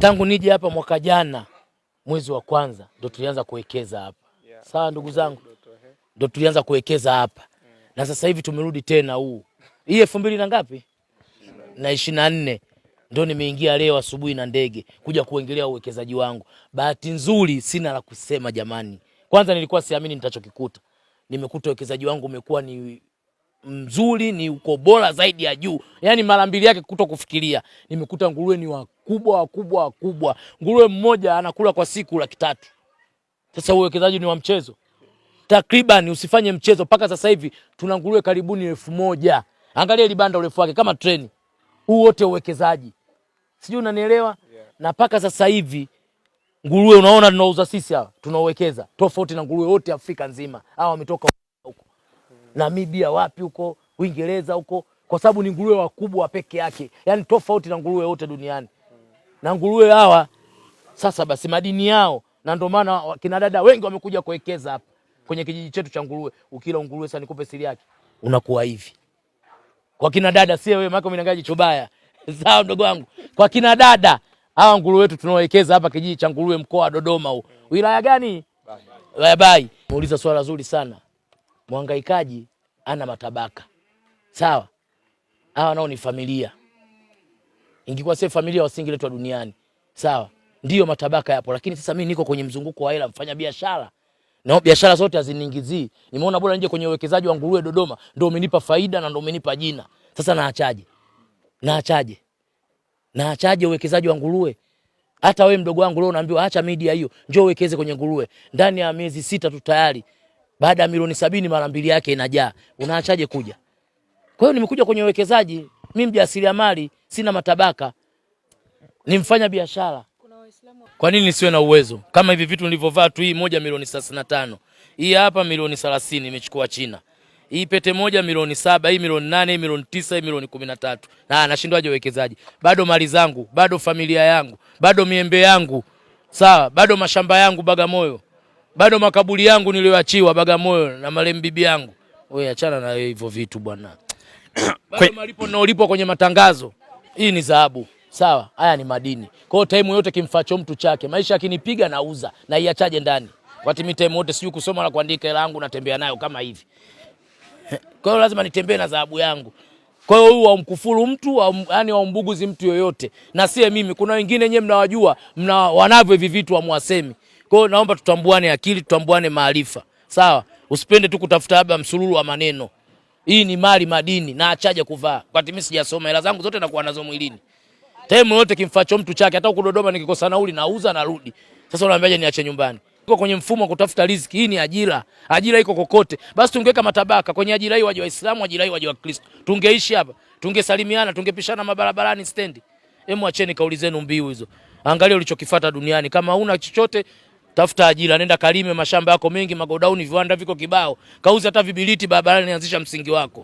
Tangu nije hapa mwaka jana mwezi wa kwanza ndo tulianza kuwekeza hapa yeah. Sawa ndugu zangu, eh. ndo tulianza kuwekeza hapa Na sasa hivi tumerudi tena huu hii elfu mbili na ngapi na ishirini na nne ndo nimeingia leo asubuhi na ndege kuja kuengelea uwekezaji wangu. Bahati nzuri sina la kusema jamani, kwanza nilikuwa siamini nitachokikuta. Nimekuta uwekezaji wangu umekuwa ni mzuri, ni uko bora zaidi ya juu, yani mara mbili yake kuto kufikiria. Nimekuta nguruwe ni wakubwa wakubwa wakubwa, nguruwe mmoja anakula kwa siku laki tatu. Sasa uwekezaji ni wa mchezo takriban, usifanye mchezo. Mpaka sasa hivi tuna nguruwe karibuni elfu moja. Angalia ile banda urefu wake kama treni, huu wote uwekezaji, sijui unanielewa? na mpaka sasa hivi nguruwe unaona tunauza sisi hapa, tunauwekeza tofauti na nguruwe wote Afrika nzima, hawa wametoka Namibia wapi huko, Uingereza huko, kwa sababu ni nguruwe wakubwa peke yake, yaani tofauti na nguruwe wote duniani. Na nguruwe hawa sasa basi madini yao, na ndio maana kina dada wengi wamekuja kuwekeza hapa kwenye kijiji chetu cha nguruwe. Ukila nguruwe sasa, nikupe siri yake, unakuwa hivi kwa kina dada, si wewe mako minangaji chubaya sawa, mdogo wangu. Kwa kina dada hawa nguruwe wetu tunawekeza hapa kijiji cha nguruwe, mkoa wa Dodoma huu, wilaya gani? Bye bye. Muuliza swala zuri sana mwangaikaji ana matabaka sawa. Hawa nao ni familia, ingekuwa si familia wasingeletwa duniani sawa. Ndio matabaka yapo, lakini sasa mimi niko kwenye mzunguko wa hela, mfanya biashara na biashara zote haziniingizii. Nimeona bora nje kwenye uwekezaji wa nguruwe Dodoma, ndio umenipa faida na ndio umenipa jina. Sasa naachaje? Naachaje? Naachaje uwekezaji wa nguruwe? Hata wewe mdogo wangu leo unaambiwa acha media hiyo, njoo uwekeze kwenye nguruwe. Ndani ya miezi sita tu tayari baada ya milioni sabini mara mbili yake inajaa, unaachaje kuja? Kwa hiyo nimekuja kwenye uwekezaji, mimi mjasiriamali, sina matabaka, ni mfanya biashara. Kwa nini nisiwe na uwezo kama hivi vitu nilivyovaa tu? Hii moja milioni thelathini na tano hii hapa milioni thelathini imechukua China. Hii pete moja milioni saba hii milioni nane hii milioni tisa hii milioni kumi na tatu na nashindwaje uwekezaji? Bado mali zangu, bado familia yangu, bado miembe yangu, sawa, bado mashamba yangu Bagamoyo bado makaburi yangu niliyoachiwa Bagamoyo na marehemu bibi yangu. Wewe achana na hivyo vitu bwana. bado malipo naolipwa kwenye matangazo, hii ni dhahabu sawa, haya ni madini. Kwa hiyo time yote kimfacho mtu chake, maisha akinipiga nauza na iachaje ndani wakati mimi time yote siyo kusoma na kuandika, hela yangu natembea nayo kama hivi. Kwa hiyo lazima nitembee na dhahabu yangu. Kwa hiyo huyu haumkufuru mtu au yani haumbuguzi mtu yoyote, na sie mimi. Kuna wengine nyewe mnawajua mna wanavyo hivi vitu hamwasemi. Kwa hiyo naomba tutambuane akili, tutambuane maarifa, sawa? Usipende tu kutafuta labda msululu wa maneno. Hii ni mali madini na achaje kuvaa. Kwa timi sijasoma, hela zangu zote nakuwa nazo mwilini. Time yote kimfacho mtu chake, hata huko Dodoma nikikosa nauli nauza narudi. Sasa unaambiaje niache nyumbani? Iko kwenye mfumo wa kutafuta riziki. Hii ni ajira. Ajira iko kokote. Basi tungeweka matabaka kwenye ajira hii, waje Waislamu, ajira hii waje Wakristo. Tungeishi hapa, tungesalimiana, tungepishana mabarabarani stendi. Hemu acheni kauli zenu mbiu hizo. Angalia ulichokifuata duniani. Kama una chochote tafuta ajira, nenda kalime mashamba yako mengi, magodauni, viwanda viko kibao, kauza hata vibiliti barabarani, anzisha msingi wako.